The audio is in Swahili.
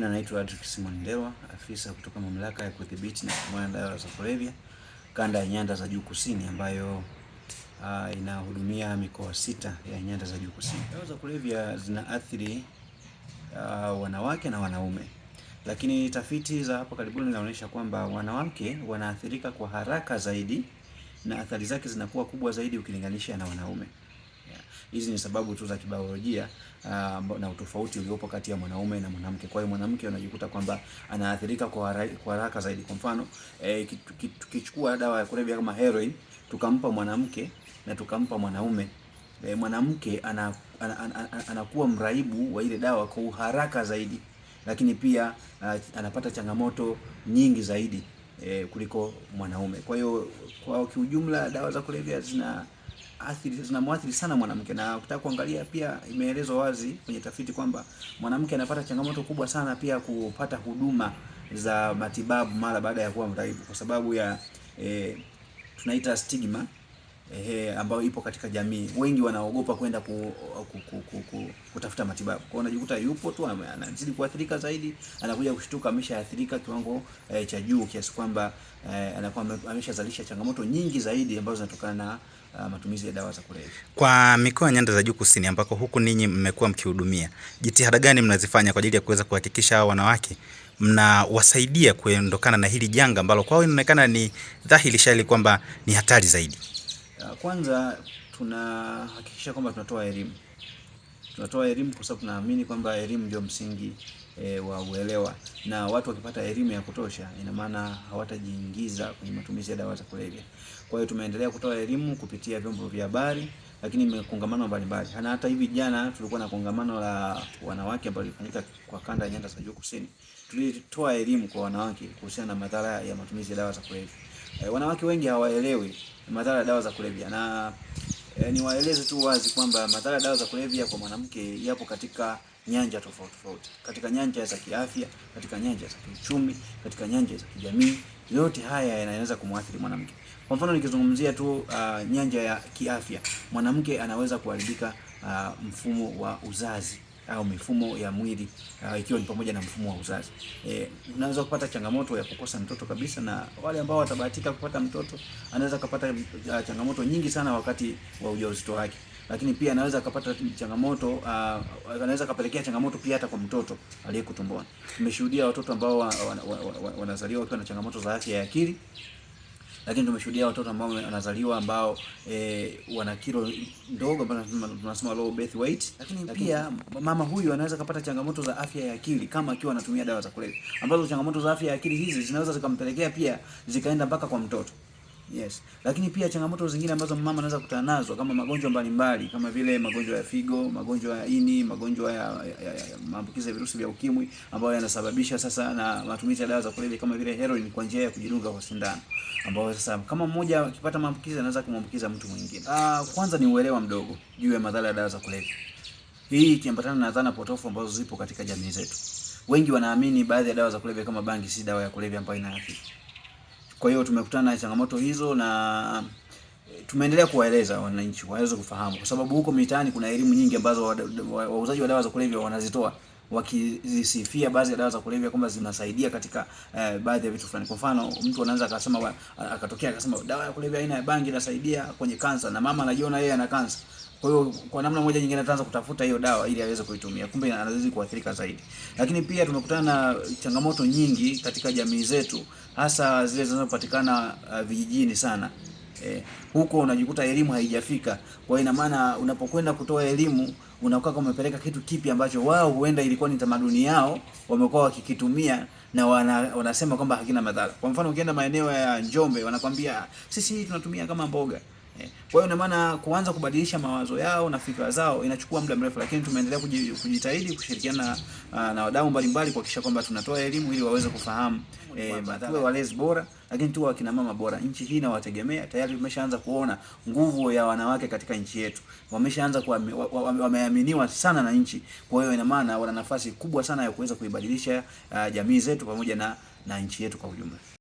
jina anaitwa Adrick Simon Ndelwa, afisa kutoka mamlaka ya kudhibiti na kupambana na dawa za kulevya kanda ya nyanda za juu kusini ambayo uh, inahudumia mikoa sita ya nyanda za juu kusini. Dawa za kulevya zinaathiri uh, wanawake na wanaume, lakini tafiti za hapa karibuni zinaonyesha kwamba wanawake wanaathirika kwa haraka zaidi na athari zake zinakuwa kubwa zaidi ukilinganisha na wanaume. Hizi ni sababu tu za kibiolojia ah, na utofauti uliopo kati ya mwanaume na mwanamke. Kwa hiyo mwanamke anajikuta kwamba anaathirika kwa haraka zaidi. Kwa mfano eh, tukichukua dawa ya kulevya kama heroin tukampa mwanamke na tukampa mwanaume eh, mwanamke ana, ana, ana, ana, anakuwa mraibu wa ile dawa kwa uharaka zaidi, lakini pia uh, anapata changamoto nyingi zaidi eh, kuliko mwanaume. Kwa hiyo kwa kiujumla dawa za kulevya zina athiri zinamwathiri sana mwanamke, na ukitaka kuangalia pia imeelezwa wazi kwenye tafiti kwamba mwanamke anapata changamoto kubwa sana pia kupata huduma za matibabu mara baada ya kuwa mraibu kwa sababu ya e, tunaita stigma ehe, ambayo ipo katika jamii. Wengi wanaogopa kwenda ku, ku, ku, ku, ku, kutafuta matibabu kwao, unajikuta yupo tu anazidi kuathirika zaidi, anakuja kushtuka ameshaathirika kiwango eh, cha juu kiasi kwamba eh, anakuwa ameshazalisha changamoto nyingi zaidi ambazo zinatokana na Uh, matumizi ya dawa za kulevya. Kwa mikoa ya nyanda za juu kusini ambako huku ninyi mmekuwa mkihudumia, jitihada gani mnazifanya kwa ajili ya kuweza kuhakikisha hao wanawake mnawasaidia kuondokana na hili janga ambalo kwao inaonekana ni dhahiri shahiri kwamba ni hatari zaidi? Uh, kwanza tunahakikisha kwamba tunatoa elimu, tunatoa elimu kwa sababu tunaamini kwamba elimu ndio msingi e, wa uelewa, na watu wakipata elimu ya kutosha, ina maana hawatajiingiza kwenye matumizi ya dawa za kulevya. Kwa hiyo tumeendelea kutoa elimu kupitia vyombo vya habari, lakini mikongamano mbalimbali. Hata hivi jana tulikuwa na kongamano la wanawake ambalo lilifanyika kwa kanda ya nyanda za juu kusini. Tulitoa elimu kwa wanawake kuhusiana na madhara ya matumizi ya dawa za kulevya. E, wanawake wengi hawaelewi madhara ya dawa za kulevya na e, niwaeleze tu wazi kwamba madhara ya dawa za kulevya kwa mwanamke yapo katika nyanja tofauti tofauti, katika nyanja za kiafya, katika nyanja za kiuchumi, katika nyanja za kijamii. Yote haya yanaweza kumwathiri mwanamke. Kwa mfano nikizungumzia tu uh, nyanja ya kiafya, mwanamke anaweza kuharibika uh, mfumo wa uzazi au mifumo ya mwili uh, ikiwa ni pamoja na mfumo wa uzazi. E, unaweza kupata changamoto ya kukosa mtoto kabisa, na wale ambao watabahatika kupata mtoto anaweza kupata uh, changamoto nyingi sana wakati wa ujauzito wake, lakini pia anaweza akapata changamoto uh, anaweza akapelekea changamoto pia hata kwa mtoto aliyekutumbwa. tumboni. Tumeshuhudia watoto ambao wanazaliwa wa, wa, wa, wa, wakiwa na changamoto za afya ya akili lakini tumeshuhudia watoto ambao wanazaliwa ambao e, wana kilo ndogo ambao tunasema low birth weight, lakini pia mama huyu anaweza kupata changamoto za afya ya akili kama akiwa anatumia dawa za kulevya, ambazo changamoto za afya ya akili hizi zinaweza zikampelekea pia zikaenda mpaka kwa mtoto. Yes. Lakini pia changamoto zingine ambazo mama anaweza kukutana nazo kama magonjwa mbalimbali kama vile magonjwa ya figo, magonjwa ya ini, magonjwa ya, ya, ya maambukizi ya virusi vya ukimwi ambayo yanasababisha sasa na matumizi ya dawa za kulevya kama vile heroin kwa njia ya kujidunga kwa sindano ambayo sasa kama mmoja akipata maambukizi anaweza kumwambukiza mtu mwingine. Ah, kwanza ni uelewa mdogo juu ya madhara ya dawa za kulevya. Hii ikiambatana na dhana potofu ambazo zipo katika jamii zetu. Wengi wanaamini baadhi ya dawa za kulevya kama bangi si dawa ya kulevya ambayo ina afya. Kwa hiyo tumekutana na changamoto hizo na eh, tumeendelea kuwaeleza wananchi waweze kufahamu, kwa sababu huko mitaani kuna elimu nyingi ambazo wauzaji wa dawa za kulevya wanazitoa wakizisifia baadhi ya dawa za kulevya kwamba zinasaidia katika eh, baadhi ya vitu fulani. Kwa mfano, mtu anaweza akasema akatokea akasema dawa ya kulevya aina ya bangi inasaidia kwenye kansa, na mama anajiona yeye ana kansa. Kwa hiyo kwa namna moja nyingine ataanza kutafuta hiyo dawa ili aweze kuitumia, kumbe anazidi kuathirika zaidi. Lakini pia tumekutana na changamoto nyingi katika jamii zetu, hasa zile zinazopatikana uh, vijijini sana. Eh, huko unajikuta elimu haijafika. Kwa ina maana unapokwenda kutoa elimu unakuwa kama umepeleka kitu kipi ambacho wao huenda ilikuwa ni tamaduni yao wamekuwa wakikitumia na wana, wanasema kwamba hakina madhara. Kwa mfano ukienda maeneo ya Njombe wanakwambia sisi tunatumia kama mboga. Kwa hiyo ina maana kuanza kubadilisha mawazo yao na fikra zao inachukua muda mrefu, lakini tumeendelea kujitahidi kushirikiana na, na wadau mbalimbali kuhakikisha kwamba tunatoa elimu ili waweze kufahamu eh, tuwe walezi bora, lakini tuwe wakina mama bora. Nchi hii inawategemea tayari. Tumeshaanza kuona nguvu ya wanawake katika nchi yetu, wameshaanza wameaminiwa sana na nchi. Kwa hiyo ina maana wana nafasi kubwa sana ya kuweza kuibadilisha uh, jamii zetu pamoja na, na nchi yetu kwa ujumla.